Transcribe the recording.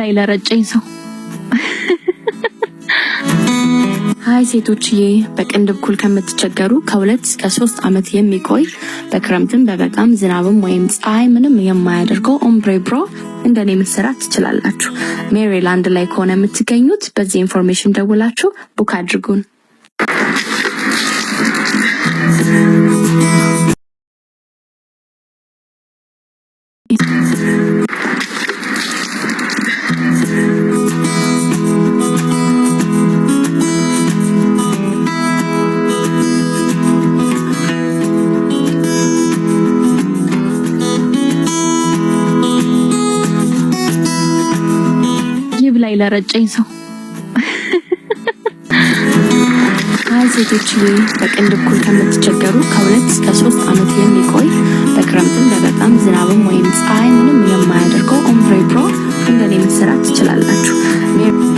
ላይ ለረጨኝ ሰው ሀይ ሴቶችዬ፣ በቅንድብ ኩል ከምትቸገሩ ከሁለት እስከ ሶስት ዓመት የሚቆይ በክረምትም በበጋም ዝናብም ወይም ፀሐይ ምንም የማያደርገው ኦምብሬ ብሮ እንደኔ መሰራት ትችላላችሁ። ሜሪላንድ ላይ ከሆነ የምትገኙት በዚህ ኢንፎርሜሽን ደውላችሁ ቡክ አድርጉን። ላይ ለረጨኝ ሰው ሴቶች በቀን በኩል ከምትቸገሩ ከሁለት እስከ ሶስት አመት የሚቆይ በክረምትም በበጣም ዝናብም ወይም ፀሐይ ምንም የማያደርገው ኦምብሬ ፕሮ እንደኔ ልትሰራ ትችላላችሁ።